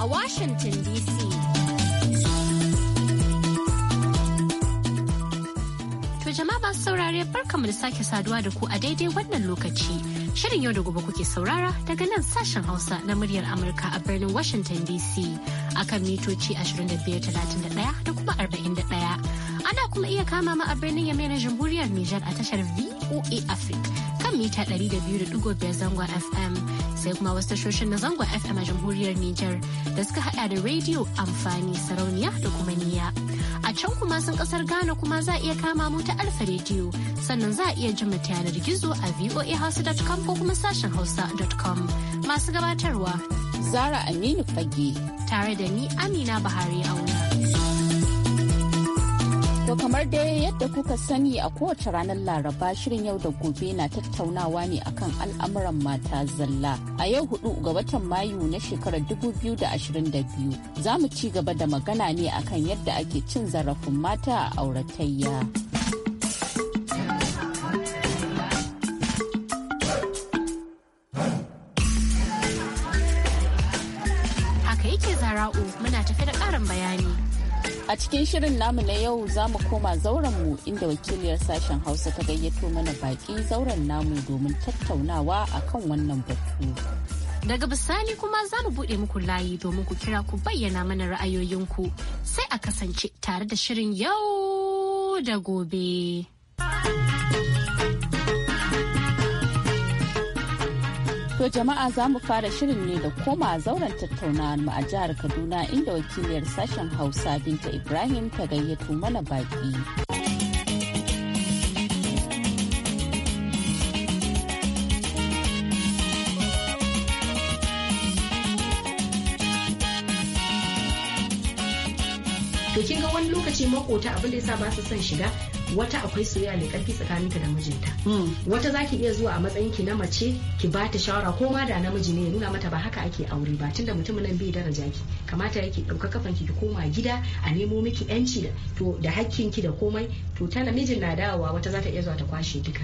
a Washington DC. To jama'a masu saurare barkamu da sake saduwa da ku a daidai wannan lokaci. Shirin yau da gobe kuke saurara daga nan sashen Hausa na muryar Amurka a birnin Washington DC akan mitoci 2531 da kuma 41. Ana kuma iya kama ma a birnin Yamai na Jamhuriyar Nijar a tashar VOA Africa kan mita 200.5 zangon FM. sai kuma wasu tashoshin na zango FM a jamhuriyar Nijar da suka haɗa da rediyo amfani sarauniya da kuma niya. A can kuma sun kasar Ghana kuma za a iya kama mu ta alfa rediyo sannan za a iya jin ta yanar gizo a voahouse.com ko kuma sashen hausa.com masu gabatarwa. Zara Aminu Fage. Tare da ni Amina Bahari Auna. kamar dai yadda kuka sani a kowace ranar laraba shirin yau da gobe na tattaunawa ne akan al'amuran mata zalla a yau hudu ga watan mayu na shekarar da biyu za mu ci gaba da magana ne akan yadda ake cin zarafin mata a auratayya. A cikin shirin namu na yau za mu koma mu inda wakiliyar sashen Hausa ta gayyato mana baƙi zauren namu domin tattaunawa a kan wannan batu. Daga bisani kuma za mu buɗe muku layi domin ku kira ku bayyana mana ra'ayoyinku sai a kasance tare da shirin yau da gobe. To jama'a za mu fara shirin ne da koma zauren tattaunawar mu a jihar Kaduna inda wakiliyar sashen Hausa Binta Ibrahim ta gayyato mana baki. To kin ga wani lokaci makota abin da yasa ba su son shiga wata akwai soyayya mai karfi ta da mijinta hmm. wata zaki iya zuwa a matsayin ki na mace ki ba ta shawara ko ma da namiji ne ya nuna mata ba haka ake aure ba tunda mutumin nan bai daraja ki kamata yake dauka kafan ki ki koma gida a nemo miki yanci da to da hakkin ki da komai to ta namijin na dawowa wata zata iya zuwa ta kwashe duka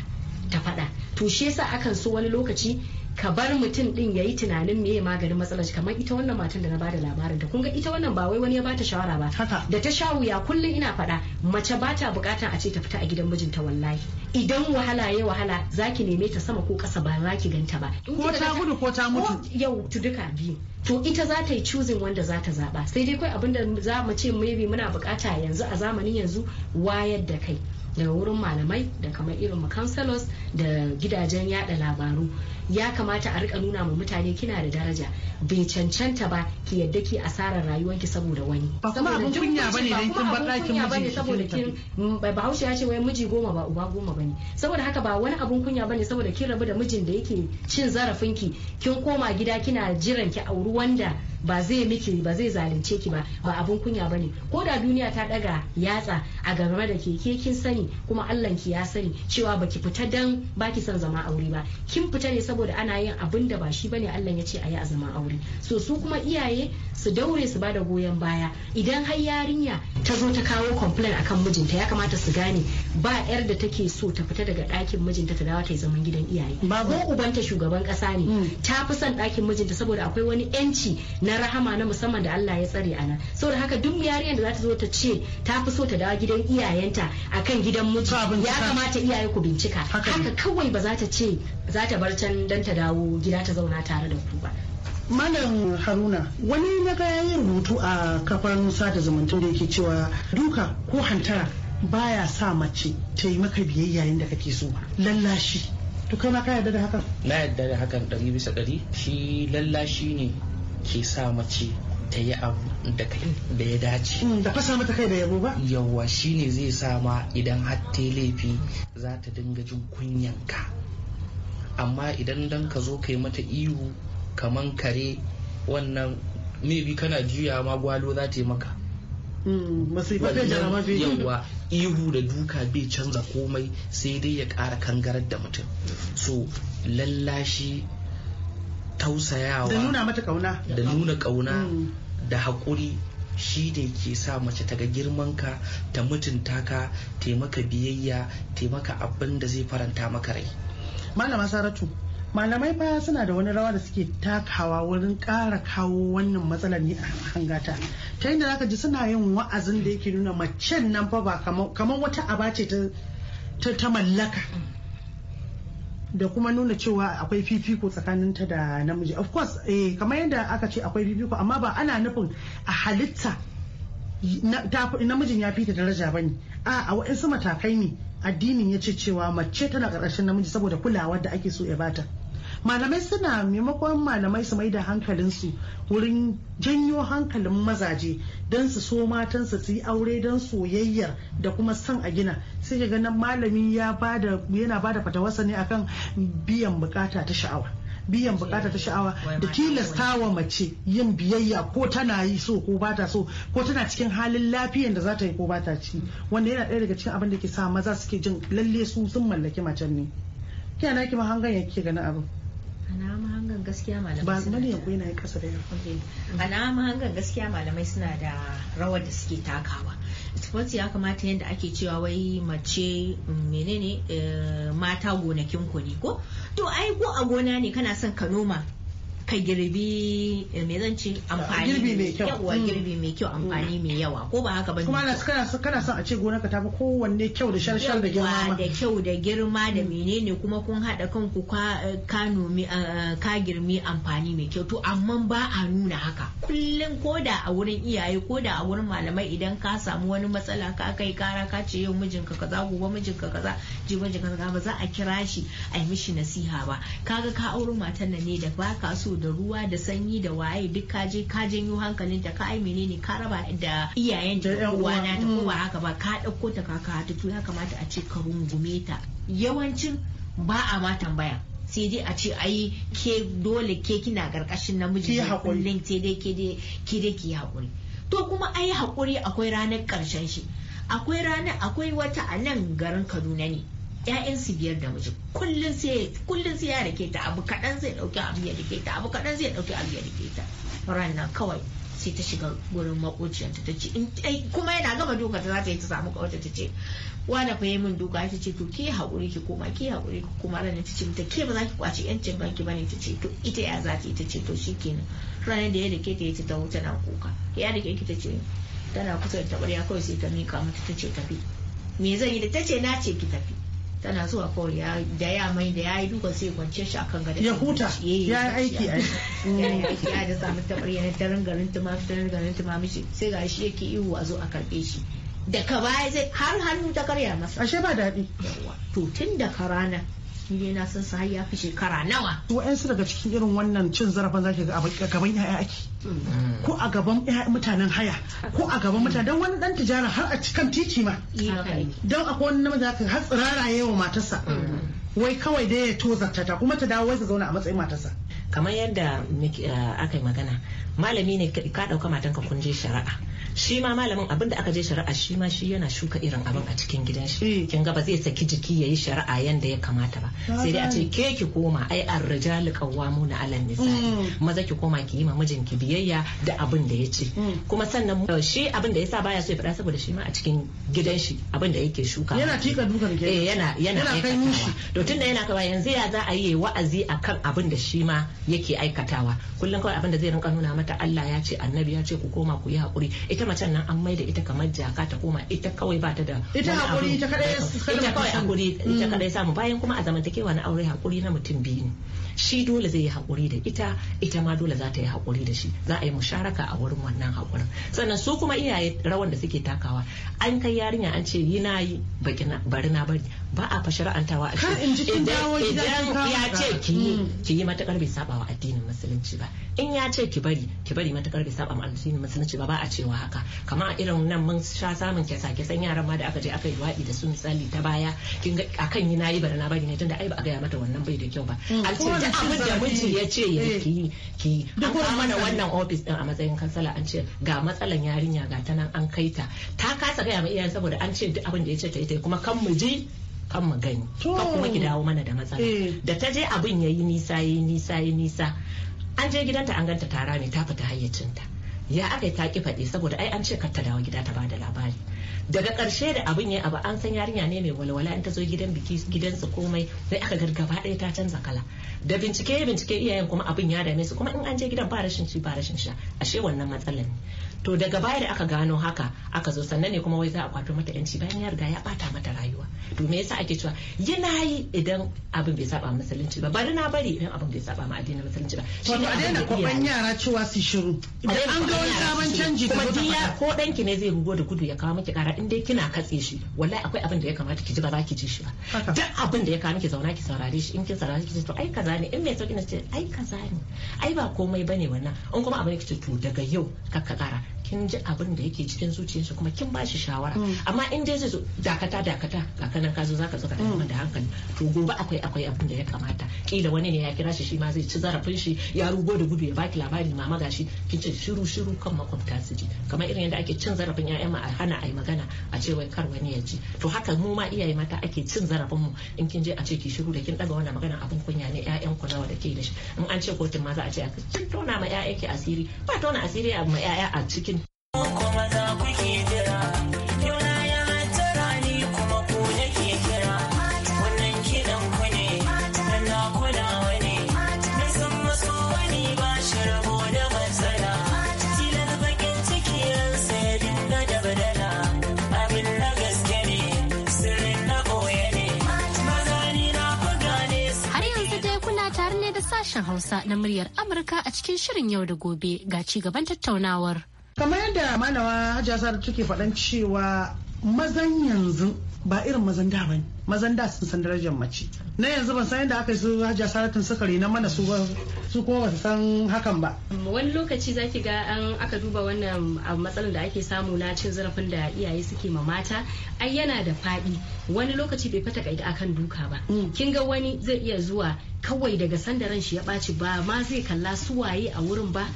ta faɗa to shi yasa akan so wani lokaci ka bar mutum din yayi tunanin meye maganin matsalar kamar ita wannan matan da na bada labarin ta ga ita wannan ba wai wani ya bata shawara ba da ta sha wuya kullum ina faɗa mace bata bukatan a ce ta fita a gidan mijinta wallahi idan wahala ya wahala zaki neme ta sama ko kasa ba za ki ganta ba ko ta gudu ko ta mutu yau tu duka biyu to ita za ta yi choosing wanda za ta zaba sai dai kai abinda za mu ce maybe muna bukata yanzu a zamanin yanzu wayar da kai daga wurin malamai da kamar irin mu da gidajen yada labaru ya kamata a rika nuna ma mutane kina da daraja bai cancanta ba ki yadda ki asarar rayuwarki saboda wani kuma abin kunya bane dan kin bar miji saboda kin Bahaushe ya ce wai miji goma ba uba goma bane saboda haka ba wani abin kunya bane saboda kin rabu da mijin da yake cin zarafinki kin koma gida kina jiran ki auri wanda ba zai miki ba zai zalunce ki ba ba abun kunya bane ko da duniya ta daga yatsa a game da keke kin sani kuma Allah ki ya sani cewa baki fita dan baki son zama aure ba kin fita ne saboda ana yin abin da ba shi bane Allah ya ce ayi yi a zaman aure so su kuma iyaye su daure su bada goyon baya idan har yarinya ta zo ta kawo complain akan mijinta ya kamata su gane ba yar da take so ta fita daga ɗakin mijinta ta dawo ta yi zaman gidan iyaye ko ubanta shugaban ƙasa ne mm. ta fi son ɗakin mijinta saboda akwai wani 'yanci na na rahama na musamman da Allah ya tsare ana saboda haka duk yariyar da za ta zo ta ce ta fi so ta dawo gidan iyayenta akan gidan miji ya kamata iyaye ku bincika haka kawai ba za ta ce za ta bar can dan ta dawo gida ta zauna tare da ku ba Malam Haruna wani na ga yayin rubutu a kafar sada zumunta da yake cewa duka ko hantara baya sa mace ta yi maka biyayya yayin da kake so lallashi to kai ka yarda da hakan na yarda da hakan ɗari bisa ɗari shi lallashi ne ke sa mace ta yi abu da da ya dace hmm, da fasa mata kai da yabo ba shi ne zai sa ma idan har ta laifi za ta dinga jin ka amma idan dan ka zo kai mata ihu kaman kare wannan maybe kana juya ma gwalo za ta yi maka hmm, Yawwa ihu da duka bai canza komai sai dai ya ƙara kangarar da mutum so lallashi tausayawa da nuna mata kauna da nuna kauna mm. da haƙuri shi ne ke sa mace ta ga girman ka ta mutunta ka taimaka biyayya taimaka abin da zai faranta maka rai malama saratu malamai fa suna da wani rawa da suke takawa wurin ƙara kawo wannan matsalar ne a hangata ta yadda zaka ji suna yin wa'azin da yake nuna macen nan fa ba kamar wata aba ce ta mallaka da kuma nuna cewa akwai fifiko tsakanin ta da namiji of course eh kamar yadda aka ce akwai fifiko amma ba ana nufin a halitta namijin ya fita daraja bane a a waɗansu matakai ne addinin ya ce cewa mace tana karkashin namiji saboda kulawar da ake so ya bata malamai suna maimakon malamai su mai da su wurin janyo hankalin mazaje don su so matansu su yi aure don soyayyar da kuma son a gina sai ga ganin malami ya bada yana bada fatawarsa ne akan biyan bukata ta sha'awa biyan bukata ta sha'awa da tilastawa mace yin biyayya ko tana yi so ko ba ta so ko tana cikin halin lafiyan da za ta yi ko ba ta ci wanda yana ɗaya daga cikin abin da ke sa maza suke jin lalle su sun mallaki macen ne kiyana ki mahangan yake ganin abin hangen gaskiya malamai ba yana kasa da alama hangen gaskiya malamai suna da rawar da suke takawa sports ya kamata yadda ake cewa wai mace mm, menene eh, mata gonakin ku ne ko to ai ko a gona ne kana son ka noma ka girbi eh, me zan ci amfani girbi mai kyau yawa mm. girbi mai kyau amfani mm. mai yawa ko ba haka bane kuma kana kana son a ce gonarka ta fi kowanne kyau da sharshar da girma da kyau da girma da mm. menene kuma kun hada kanku eh, ka nomi eh, ka girmi amfani mai kyau to amma ba a nuna haka kullum ko da a wurin iyaye ko da a wurin malamai idan ka samu wani matsala ka kai kara ka ce yau mijinka kaza gobe mijinka kaza je mijinka kaza ba za a kira shi a yi mishi nasiha ba kaga ka auri matan nan ne da ba ka so da ruwa da sanyi da waye duk ka je ka janyo hankalin ta ka ai menene ka raba da iyayen da na ta kowa mm. haka ba ka dauko ta ka ka to ya kamata a ce ka rungume ta yawancin ba a ma tambaya sai dai a ce ayi ke dole ke kina karkashin namiji ne. sai dai ke dai ke dai ki hakuri to kuma ai hakuri akwai ranar karshen shi akwai ranar akwai wata a nan garin Kaduna ne su biyar da miji kullum sai ya rike ta abu kadan zai ɗauki abu ya rike ta abu kadan zai ɗauki abu ya rike ta ranar kawai sai ta shiga gurin makociyarta ta ce kuma yana gama duka ta za ta yi ta samu kawai ta ce wani fa min duka ta ce to ke haƙuri ki koma ke haƙuri ki koma ranar ta ce ta ke ba za ki kwaci yancin banki ba ne ta ce to ita ya za ta yi ta ce to shi kenan ranar da ya rike ta yi ce ta wuce na kuka ya rike ki ta ce tana kusa da taɓarya kawai sai ta mika mata ta ce tafi me zan yi da ta ce na ce ki tafi tana zuwa kawai da ya mai da ya yi duka sai kwance shi akan gada ya huta ya yi aiki a aiki ya da samu tabar yana tarin garin tuma tarin garin tuma mishi sai ga shi yake ihu a zo a karbe shi da ka baya zai har hannu ta karya masa ashe ba daɗi to tun da ka rana ne na san sa har ya fi shekara nawa su daga cikin irin wannan cin zarafin zaki ga a gaban yaya ake ko a gaban mutanen haya ko a gaban mutane don wani dan tijara har a cikin titi ma don akwai wani namiji haka har tsirara yawa matarsa mm. wai kawai dai ya toza ta kuma ta dawo wai ta zauna a matsayin matarsa kamar yadda eh, aka yi magana malami ne ka ɗauka matanka kun je shari'a shi ma malamin abin da aka je shari'a shi ma shi yana shuka irin abin a cikin gidan shi eh. kin ga ba zai saki jiki yayi shari'a yadda ya kamata ba sai dai a ce ke ki koma ai ar-rijalu na alal nisa mm. maza ki koma ki yi ma mijinki biyayya da abin da ya ce mm. kuma sannan eh, shi abin da yasa baya so ya faɗa saboda shi ma a cikin gidan shi abin da yake shuka yana tika dukan ke yana yana kai to tunda yana kawai yanzu ya za a yi wa'azi akan abin da shi ma yake aikatawa kullum kawai abinda zai rinka nuna mata Allah ya ce annabi ya ce ku koma ku yi hakuri ita macen nan an maida ita kamar jaka ta koma ita kawai ba ta da ita hakuri ita kadai ita kawai hakuri ita kadai mm. samu bayan kuma a zamantakewa na aure hakuri na mutum biyu ne shi dole zai yi hakuri da ita ita ma dole za ta yi hakuri da shi za a yi musharaka a wurin wannan hakurin sannan su kuma iyaye rawan da suke takawa an kai yarinya an ce yi na yi bari na bari ba a fashara'antawa a idan ya ce ki yi mm. matakar bai saba wa addinin musulunci ba in ya ce ki bari ki bari matakar bai saba wa addinin musulunci ba ba a cewa haka kamar irin nan mun sha samun kesa kesan yaran ma da aka je aka yi waɗi da su misali ta baya kin ga akan yi nayi bari na bari ne tunda ai ba a gaya mata wannan bai da kyau ba mm. a ce da abin da miji ya ce ya eh. ki ki an kawo mana wannan ofis din a matsayin kansala an ce ga matsalan yarinya ga ta nan an kai ta ta kasa gaya ma iyayen saboda an ce duk abin da ya ce ta yi ta kuma kan mu ji kan mu gani ka kuma ki dawo mana da matsala eh. da ta je abin yayi nisa yayi nisa yayi nisa an je gidanta an ganta tara ne ta fita hayyacinta ya aka ta ki faɗi saboda ai an ce kar ta dawo gida ta bada labari daga karshe da abin ya abu an san yarinya ne mai walwala in ta zo gidan biki gidansu komai sai aka ga gaba ɗaya ta canza kala da bincike bincike iyayen kuma abin ya dame su kuma in an je gidan ba rashin ci ba rashin sha ashe wannan matsalar ne to daga baya da aka gano haka aka zo sannan ne kuma wai za a kwato mata yanci bayan ya riga ya bata mata rayuwa to me yasa ake cewa yana yi idan abin bai saba musulunci ba bari na bari idan abin bai saba ma addinin musulunci ba to a daina da kwaban yara cewa su shiru idan an ga wani sabon canji kuma ko danki ne zai rugo da gudu ya kawo miki kara in dai kina katse shi wallahi akwai abin da ya kamata ki ji ba za ki ji shi ba duk abin da ya kawo ki zauna ki saurare shi in kin saurare ki to ai kaza ne in mai sauki na ce ai kaza ne ai ba komai bane wannan in kuma abin ki ce to daga yau ka ka kara kin ji abin da yake cikin zuciyarsa kuma kin ba shi shawara mm. amma in dai zai zo dakata dakata kakanan ka zo zaka zo ka tafi mm. da hankali to gobe akwai akwai abin da ya kamata kila wani ne ya kira shi shi ma zai ci zarafin shi ya rugo da gudu ya baki labari mama gashi kin ce shiru shiru kan makwabta su ji kamar irin yadda ake cin zarafin ƴaƴan ma a hana magana a ce wai kar wani ya ji to haka mu ma iyaye mata ake cin zarafin mu in kin je a ce ki shiru da kin daga wannan magana abin kunya ne ƴaƴan ku nawa da ke da shi in an ce kotun ma za a ce a tona ma ƴaƴan ki asiri ba tona asiri ma ƴaƴa a cikin sashen Hausa na muryar Amurka a cikin shirin yau da gobe ga ci gaban tattaunawar. Kamar yadda Malawa Hajiya Sadu take faɗan cewa mazan yanzu ba irin mazan da bane mazan da sun san darajar mace na yanzu ban san yadda aka yi su Hajja saratun suka na mana su su kuma ba su san hakan ba wani lokaci zaki ga an aka duba wannan matsalar da ake samu na cin zarafin da iyaye suke ma mata ai yana da faɗi wani lokaci bai fata kaida akan duka ba mm. kin ga wani zai iya zuwa kawai daga sanda ran shi ya ɓaci ba ma zai kalla su waye a wurin ba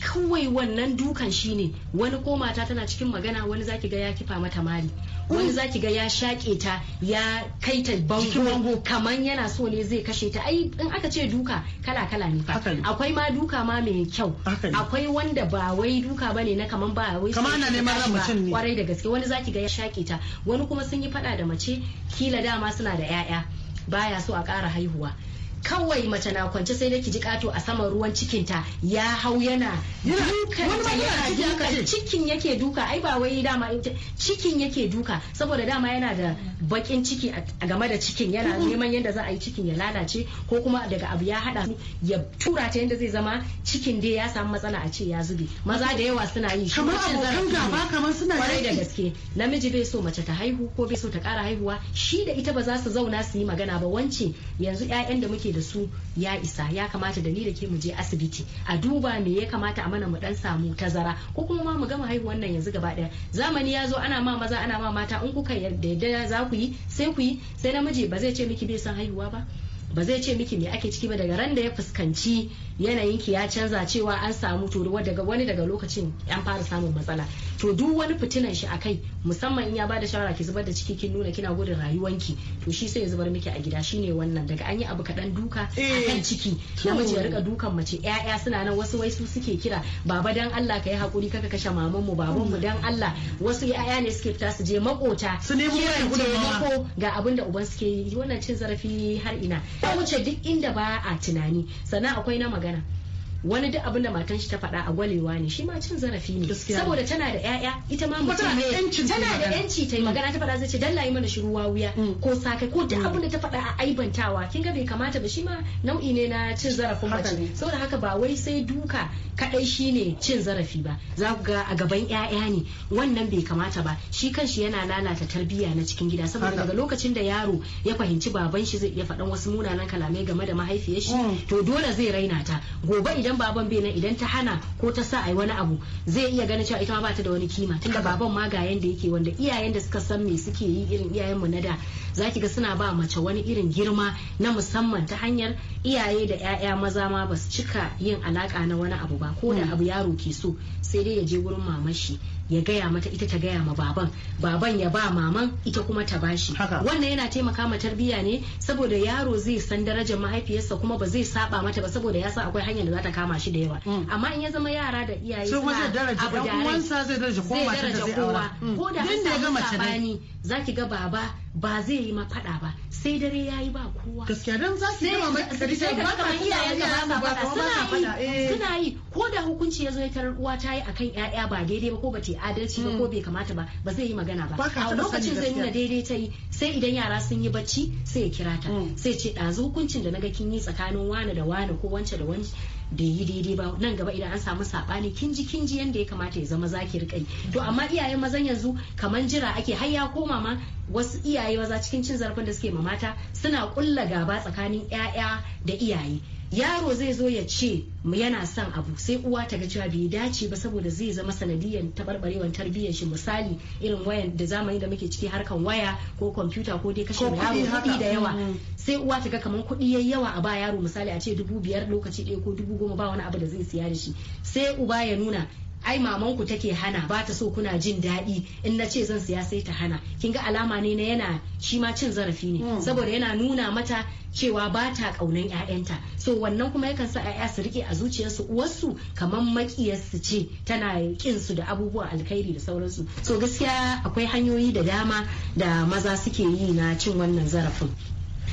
kawai wannan dukan shine wani ko mata tana cikin magana wani zaki ga ya kifa mata mali wani za ki ga ya shaƙe ta ya kai ta bango kaman yana so ne zai kashe ta ai in aka ce duka kala kala ne fa akwai ma duka ma mai kyau akwai wanda ba wai duka bane na kaman ba wai kaman ana neman ran mutum ne kwarai da gaske wani zaki ga ya shaƙe ta wani kuma sun yi fada da mace kila dama suna da 'ya'ya baya so a ƙara haihuwa kawai mace na kwance sai da ji kato a saman ruwan cikin ta ya hau yana duka cikin yake duka ai ba wai dama cikin yake duka saboda dama yana da bakin ciki a game da cikin yana mm-hmm. neman yadda za a yi cikin ya lalace ko kuma daga abu ya hada ya tura ta yadda zai zama cikin dai ya samu matsala a ce ya zube maza da yawa suna yi kamar abokan gaba kamar suna da gaske namiji bai so mace ta haihu ko bai so ta kara haihuwa shi da ita ba za su zauna su yi magana ba wance yanzu 'ya'yan da muke nake da su ya isa ya kamata da ni da ke mu je asibiti a duba me ya kamata a mana mu dan samu tazara ko kuma ma mu gama haihuwan nan yanzu gaba daya zamani ya zo ana ma maza ana ma mata in kuka yarda za ku yi sai ku yi sai namiji ba zai ce miki bai san haihuwa ba ba zai ce miki me ake ciki ba daga ran da ya fuskanci yanayinki ya canza cewa an samu to daga wani daga lokacin an fara samun matsala to duk wani fitinan shi akai musamman in ya bada shawara ki zubar da ciki kin nuna kina gudun rayuwanki to shi sai ya zubar miki a gida shine wannan daga an yi abu kaɗan duka akan eh, ciki namiji ya rika dukan mace yaya suna nan wasu wai su suke kira baba dan Allah ka yi hakuri kaka kashe maman mu baban mu mm. dan Allah wasu yaya ne suke fita su je makota su nemo ga abin da uban suke yi wannan cin zarafi har ina wuce duk inda ba a tunani sannan akwai na magana wani duk abin da matan shi ta faɗa a gwalewa ne shi ma cin zarafi ne saboda tana da ƴaƴa ita ma mutum ne tana da yanci ta yi magana mm. ta faɗa zai ce dalla yi mana shiru wuya mm. ko saka ko duk mm. abin da ta faɗa a aibantawa kin ga bai kamata ba shi ma nau'i ne na cin zarafin mace saboda haka ba wai sai duka kadai ne cin zarafi ba za ku ga a gaban ƴaƴa ne wannan bai kamata ba shi kanshi yana lalata tarbiyya na cikin gida saboda daga lokacin da yaro ya fahimci baban shi zai iya faɗan wasu munanan kalamai game da mahaifiyar shi to dole zai raina ta gobe idan idan baban bai nan idan ta hana ko ta sa ai wani abu zai iya ganin cewa ita ma bata da wani kima tunda baban ma ga yanda yake wanda iyayen da suka san me suke yi irin iyayen mu na da zaki ga suna ba mace wani irin girma na musamman ta hanyar iyaye da 'ya'ya maza ma basu cika yin alaka na wani abu ba ko da hmm. abu yaro ke so sai dai ya je wurin mamashi ya gaya mata ita ta gaya ma baban baban ya ba maman ita kuma ta bashi wannan yana taimaka ma tarbiyya ne saboda yaro zai san darajar mahaifiyarsa kuma ba zai saba mata ba saboda ya san akwai hanyar da za ta kama shi da yawa mm. amma in ya zama yara da iyaye suna abu da zai daraja kowa mm. ko da haka samu sabani zaki ga baba ba zai yi mafaɗa ba sai dare ya yi ba kowa gaskiya don za su yi sai ba ka iyayen da ba ka ka eh. suna yi ko da hukunci ya zo ya tarar uwa ta yi akan yaya ba daidai ba ko ba ta yi adalci ba ko hmm. bai kamata ba ba zai yi magana ba a lokacin zai nuna daidai ta yi sai idan yara sun yi bacci sai ya kira ta hmm. sai ce ɗazu hukuncin da na ga kin yi tsakanin wane da wane ko wance da wance da yi daidai ba nan gaba idan an samu saɓani kinji kinji yanda ya kamata ya zama zaki rikai to amma iyaye mazan yanzu kaman jira ake har ya koma ma wasu iyaye maza cikin cin zarafin da suke ma mata suna kulla gaba tsakanin 'ya'ya da iyaye yaro zai zo ya ce mu yana son abu sai uwa ta ga cewa bai dace ba saboda zai zama sanadiyar tabarbarewar tarbiyyar shi misali irin wayan da zamani da muke ciki harkan waya ko kwamfuta ko dai kashe yaro kuɗi da yawa mm. sai uwa ta ga kamar kuɗi yayi yawa a ba yaro misali a ce dubu biyar lokaci ɗaya ko dubu goma ba wani abu da zai siya da shi sai uba ya nuna ai mamanku take hana ba ta so kuna jin daɗi in na ce zan siya sai ta hana kin ga alama ne na yana shi ma cin zarafi ne hmm. saboda yana nuna mata cewa ba ta ƙaunan 'ya'yanta so wannan kuma yakan sa 'ya'ya su rike a zuciyarsu uwarsu kamar makiyarsu ce tana kin su da abubuwan alkhairi da sauransu so gaskiya akwai hanyoyi da dama da maza suke yi na cin wannan zarafin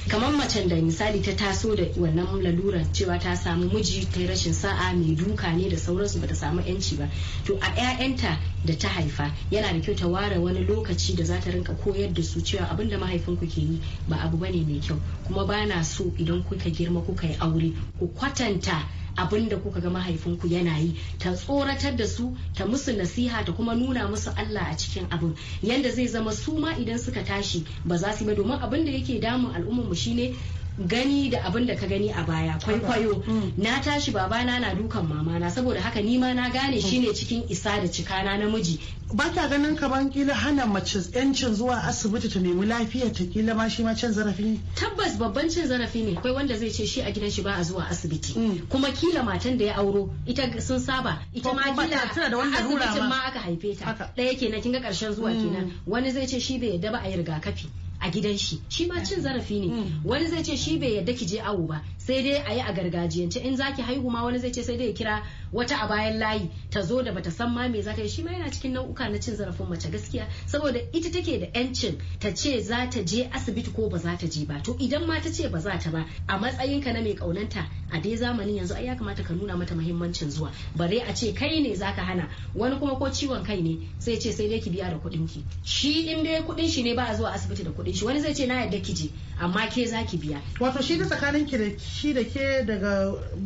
kamar macen da misali ta taso da wannan laluran cewa ta samu miji ta rashin sa'a mai duka ne da sauransu bata samu yanci ba to a 'ya'yanta da ta haifa yana da kyau ta ware wani lokaci da za ta rinka koyar da su cewa abin da mahaifinku ke yi ba abu bane mai kyau kuma ba na so idan kuka girma kuka yi aure ku kwatanta abin da kuka ga mahaifinku yana yi ta tsoratar da su ta musu nasiha ta kuma nuna musu Allah a cikin abin yadda zai zama su ma idan suka tashi ba za su yi domin abin da yake damun al'ummar mu shine gani da abin da ka gani a baya kwaikwayo mm. na tashi babana na dukan mamana saboda haka ni ma na gane mm. shine cikin isa da cikana namiji ba ta ganin ban kila hana mace yancin zuwa asibiti ta nemi lafiya ta kila ma shi ma cin zarafi ne tabbas babban cin zarafi ne akwai wanda zai ce shi a gidan shi ba a zuwa asibiti mm. kuma kila matan da ya auro ita sun saba ita ma kila da wanda asibitin ma aka haife ta ɗaya kenan kin kinga karshen zuwa kenan wani zai ce shi bai yarda ba a yi rigakafi a gidan shi shi ma cin zarafi ne mm. wani zai ce shi bai yadda ki je awo ba sai dai a yi a gargajiyance in zaki haihu ma wani zai ce sai dai ya kira wata a bayan layi ta zo da bata san ma me za ta yi shi ma yana cikin nau'uka na cin zarafin mace gaskiya saboda ita take da yancin ta ce za ta je asibiti ko ba za ta je ba to idan ma ta ce ba za ta ba a matsayin ka na mai kaunanta a dai zamanin yanzu ai ya kamata ka nuna mata muhimmancin zuwa bare a ce kai ne zaka hana wani kuma ko ciwon kai ne sai ce sai dai ki biya da kuɗin ki shi in dai kuɗin shi ne ba a zuwa asibiti da kuɗin shi wani zai ce na yadda ki je amma ke zaki biya wato shi da tsakanin ki da shi da ke daga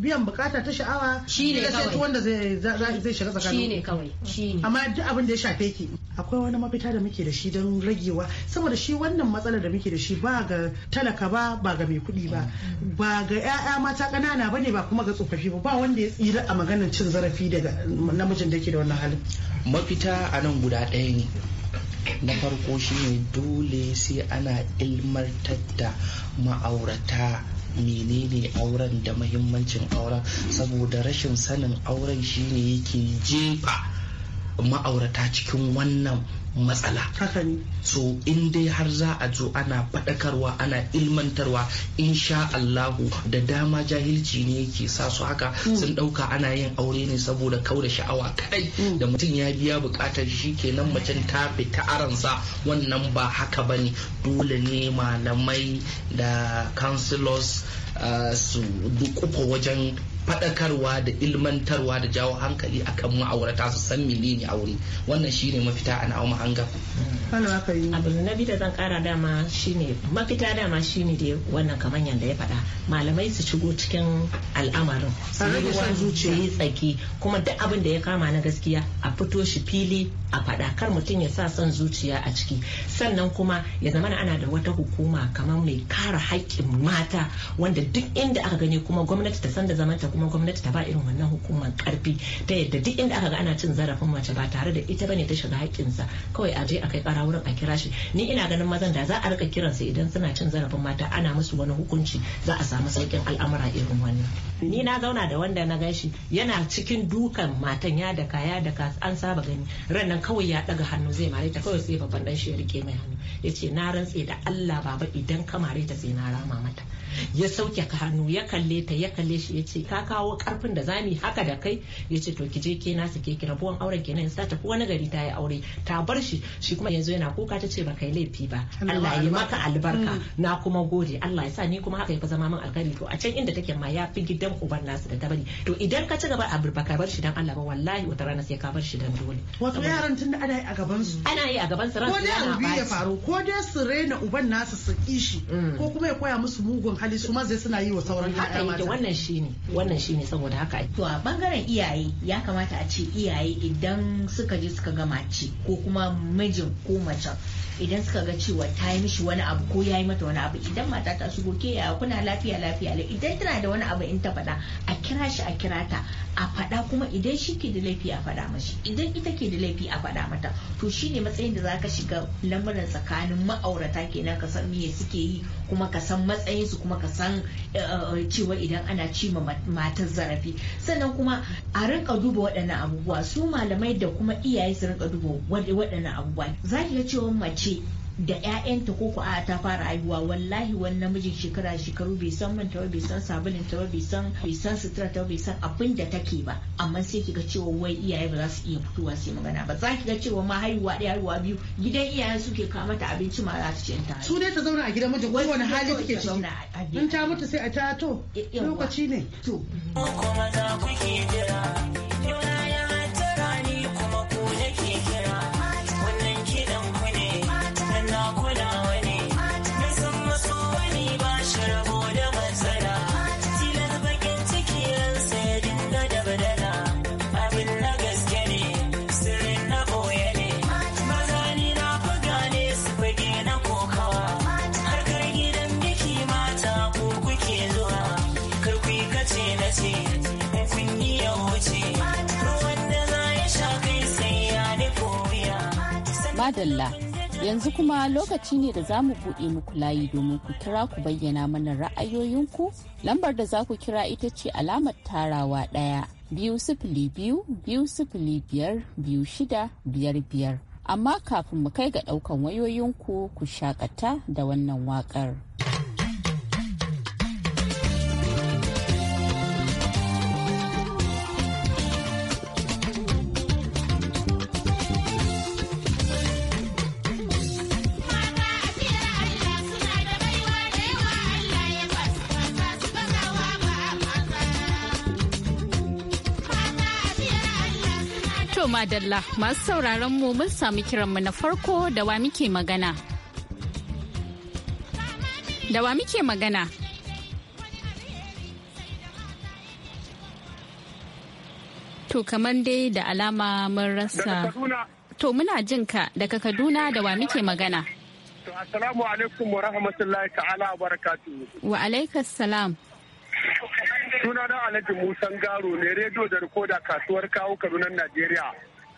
biyan bukata ta sha'awa shi ne kawai wanda zai shiga shi ne kawai amma duk abin da ya shafe ki akwai wani mafita da muke da shi don ragewa saboda shi wannan matsalar da muke da shi ba ga talaka ba ba ga mai kuɗi ba ba ga 'ya'ya mata ƙanana ba ne ba kuma ga tsofaffi ba ba wanda ya tsira a maganar cin zarafi daga namijin da ke da wannan halin mafita a nan guda ɗaya ne na farko shine dole sai ana ilmartar da ma'aurata menene auren da mahimmancin auren saboda rashin sanin auren shine yake jefa ma'aurata cikin wannan matsala. Haka So in dai har za a zo ana faɗakarwa ana ilmantarwa in sha Allahu da dama jahilci ne yake sa su haka mm. sun ɗauka ana yin aure ne saboda da sha'awa kai mm. da mutum ya biya buƙatar shi kenan macen ta fita aransa wannan ba haka bane dole ne malamai da councilors uh, su dukufa wajen faɗakarwa da ilmantarwa da jawo hankali akan ma'aurata su san menene aure wannan shine mafita a nawa mahanga abu na biyu da zan kara dama shine mafita dama shine da wannan kamar yadda ya faɗa malamai su shigo cikin al'amarin su yi tsaki kuma duk abin da ya kama na gaskiya a fito shi fili a faɗa kar mutum ya sa son zuciya a ciki sannan kuma ya zamana ana da wata hukuma kamar mai kare haƙƙin mata wanda duk inda aka gani kuma gwamnati ta san da zamanta kuma gwamnati ta ba irin wannan hukumar karfi ta yadda duk inda aka ga ana cin zarafin mace ba tare da ita bane ta shiga haƙƙinsa kawai a je a kai ƙara wurin a kira shi ni ina ganin mazan da za a rika kiransu idan suna cin zarafin mata ana musu wani hukunci za a samu sauƙin al'amura irin wannan ni na zauna da wanda na gashi yana cikin dukan matan ya da kaya da ka an saba gani ran nan kawai ya daga hannu zai mare ta kawai sai babban dan shi ya rike mai hannu yace na rantse da Allah baba idan ka mare ta sai na rama mata ya sauke ka hannu ya kalle ta ya kalle shi ya ce ka kawo karfin da zamu haka da kai ya ce to ki je ke su ke kira buwan auren kenan sa ta kuwa nagari ta yi aure ta bar shi shi kuma yanzu yana kuka ta ce ba kai laifi ba Allah ya maka albarka mm. na kuma gode Allah ya sa ni kuma haka ya fi zama min alkhairi to a can inda take ma ya fi gidan uban nasu da dabari. to idan ka ci gaba a baka bar shi dan Allah ba wallahi wata rana sai ka bar shi dan dole wato yaran da ana yi a gaban su ana yi a gaban su ran ko dai ya faru ko dai su rena uban nasu su kishi mm. ko kuma ya koya musu mugun hali su ma zai suna yi wa sauran ƴaƴa mata wannan shi ne wannan shi ne saboda haka to a bangaren iyaye ya kamata a ce iyaye idan suka je suka ga mace ko kuma mijin ko mace idan suka ga cewa ta yi mishi wani abu ko ya yi mata wani abu idan mata ta su goke ya kuna lafiya lafiya idan tana da wani abu in ta faɗa a kira shi a kira ta a faɗa kuma idan shi ke da laifi a faɗa mashi idan ita ke da laifi a faɗa mata to shi ne matsayin da zaka shiga lamuran tsakanin ma'aurata kenan ka san me suke yi kuma ka san matsayin su kuma ka san eh, eh, cewa idan ana ci ma matar zarafi sannan kuma a rinka duba waɗannan abubuwa su malamai da kuma iyaye su rinka duba waɗannan abubuwa zaki ga cewa mace ce da 'ya'yanta ko ku a ta fara haihuwa wallahi wani namijin shekara shekaru bai san man ta bai san sabulin ta bai bai san sutura ta bai san abin da take ba amma sai kiga cewa wai iyaye ba za su iya fitowa sai magana ba za ki ga cewa ma haihuwa ɗaya haihuwa biyu gidan iyaye suke kawo mata abinci ma za ta ci ta su dai ta zauna a gidan mijin wani hali take ciki in ta mutu sai a ta to eh, lokaci ne madalla yanzu kuma lokaci ne da za mu buɗe muku layi domin ku kira ku bayyana mana ra'ayoyinku lambar da za ku kira ita ce alamar tarawa ɗaya biyu sifili biyu biyu sifili biyar biyu shida biyar biyar amma kafin mu kai ga ɗaukan wayoyinku ku shakata da wannan waƙar. madalla masu sauraron mu mun samu kiranmu na farko da wa muke magana. Da wa muke magana? To kamar dai da alama mun rasa. To muna jin ka daga Kaduna da wa muke magana. To assalamu alaikum wa rahmatullahi ta'ala wa barakatuhu. Wa alaikassalam. salam. Suna na Alhaji Musan Garo ne rediyo da rikoda kasuwar kawo Kaduna Najeriya.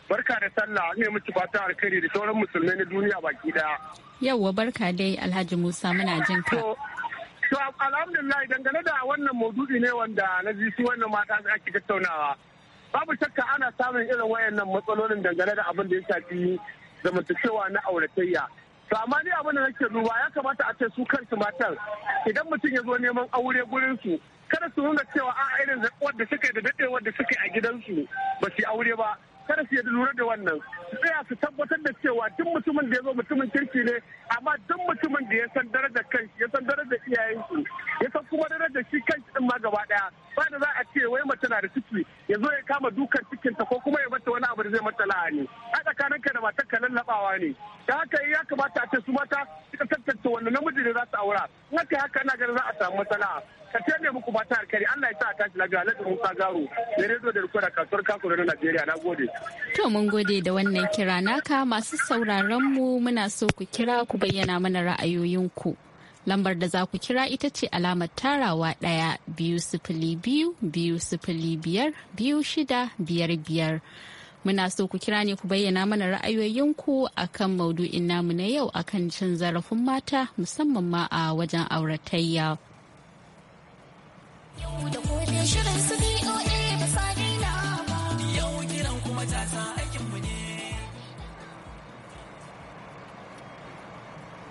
Barka da sallah ne miki fata alkhairi da sauran musulmai na duniya baki daya. yauwa barka dai Alhaji Musa muna jin ka. To alhamdulillah dangane da wannan maudu'i ne wanda na ji su wannan mata ake tattaunawa. Babu shakka ana samun irin wayannan matsalolin dangane da abin da ya shafi zamantakewa na auratayya. to amma ni abin da nake duba ya kamata a ce su kansu matan idan mutum ya zo neman aure gurin su kada su nuna cewa a irin wadda da suka yi da daɗewar da suka yi a gidansu ba su aure ba kada su yi lura da wannan su tsaya su tabbatar da cewa duk mutumin da ya zo mutumin kirki ne amma duk mutumin da ya san darajar kan ya san darajar iyayensu ya san kuma darajar shi kan din ma gaba daya ba da za a ce wai mace na da ciki ya zo ya kama dukan cikinta ko kuma ya mata wani abu da zai mata lahani a tsakaninka da matar ka lallabawa ne da haka ya kamata a ce su mata suka tattace wanda namiji ne za su aura in haka haka ana ganin za a samu matsala karshe ne muku fata alkhairi Allah ya sa a tashi lafiya Alhaji Musa Garo da rediyo da rikoda kasuwar kakuri na Najeriya na gode. To mun gode da wannan kira naka masu sauraron mu muna so ku kira ku bayyana mana ra'ayoyinku. Lambar da za ku kira ita ce alamar tarawa ɗaya biyu sifili biyu biyu sifili biyar biyu shida biyar biyar. Muna so ku kira ne ku bayyana mana ra'ayoyinku a kan maudu'in namu na yau akan cin zarafin mata musamman ma a wajen auratayya.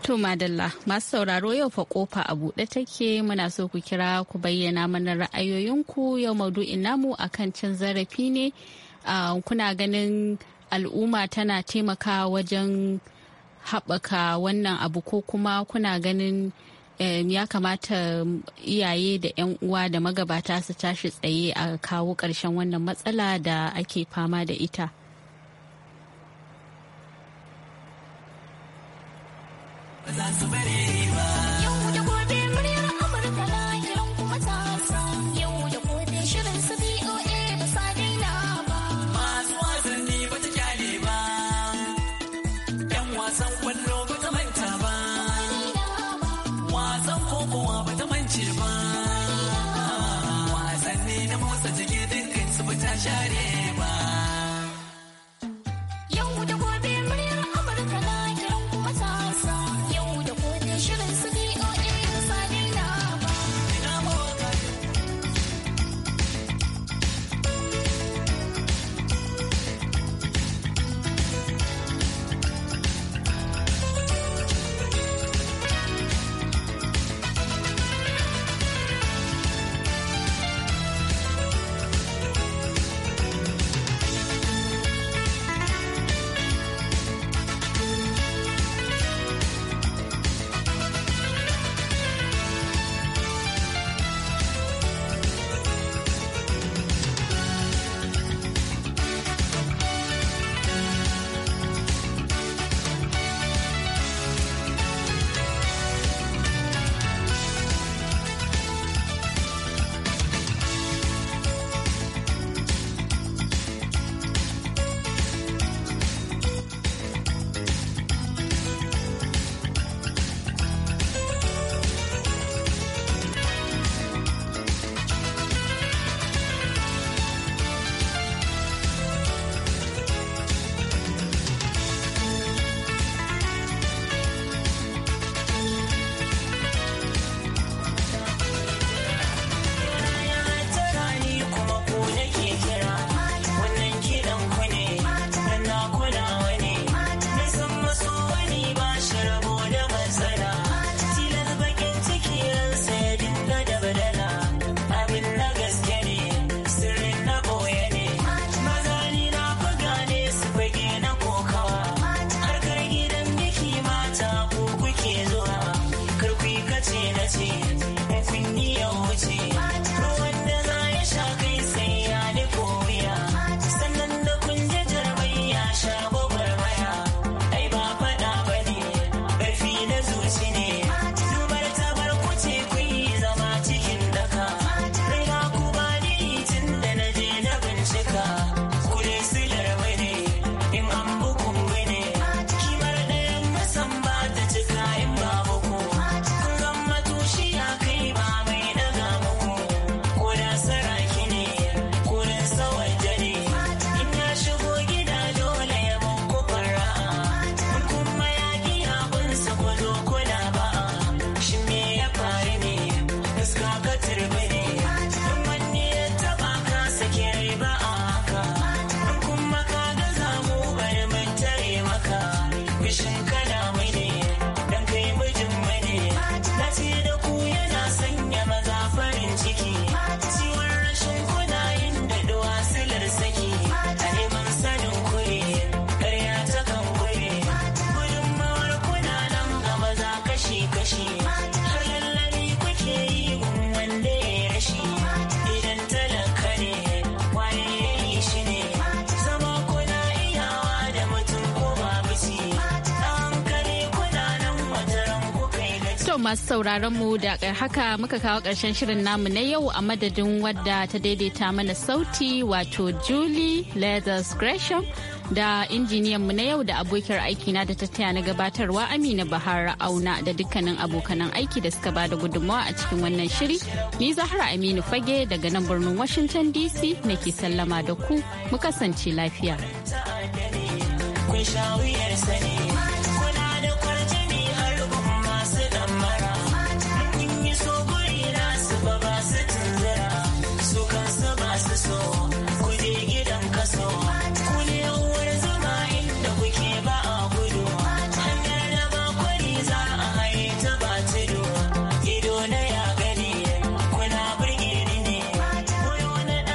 To Madalla masu sauraro yau fa kofa a buɗe take muna so ku kira ku bayyana mana ra'ayoyinku yau maudu'in namu akan cin zarafi ne kuna ganin al'umma tana taimaka wajen haɓaka wannan abu ko kuma kuna ganin ya kamata iyaye da 'yan uwa da magabata su tashi tsaye a kawo ƙarshen wannan matsala da ake fama da ita za su bari masu sauraron mu da haka muka kawo ƙarshen shirin namu na yau a madadin wadda ta daidaita mana sauti wato Julie Leathers Gresham da injiniyan mu na yau da abokiyar na da tattaya na gabatarwa Amina Bahar Auna da dukkanin abokanan aiki da suka bada gudunmawa a cikin wannan shiri. Ni Zahra Aminu Fage daga nan birnin Washington DC nake sallama da ku mu kasance lafiya.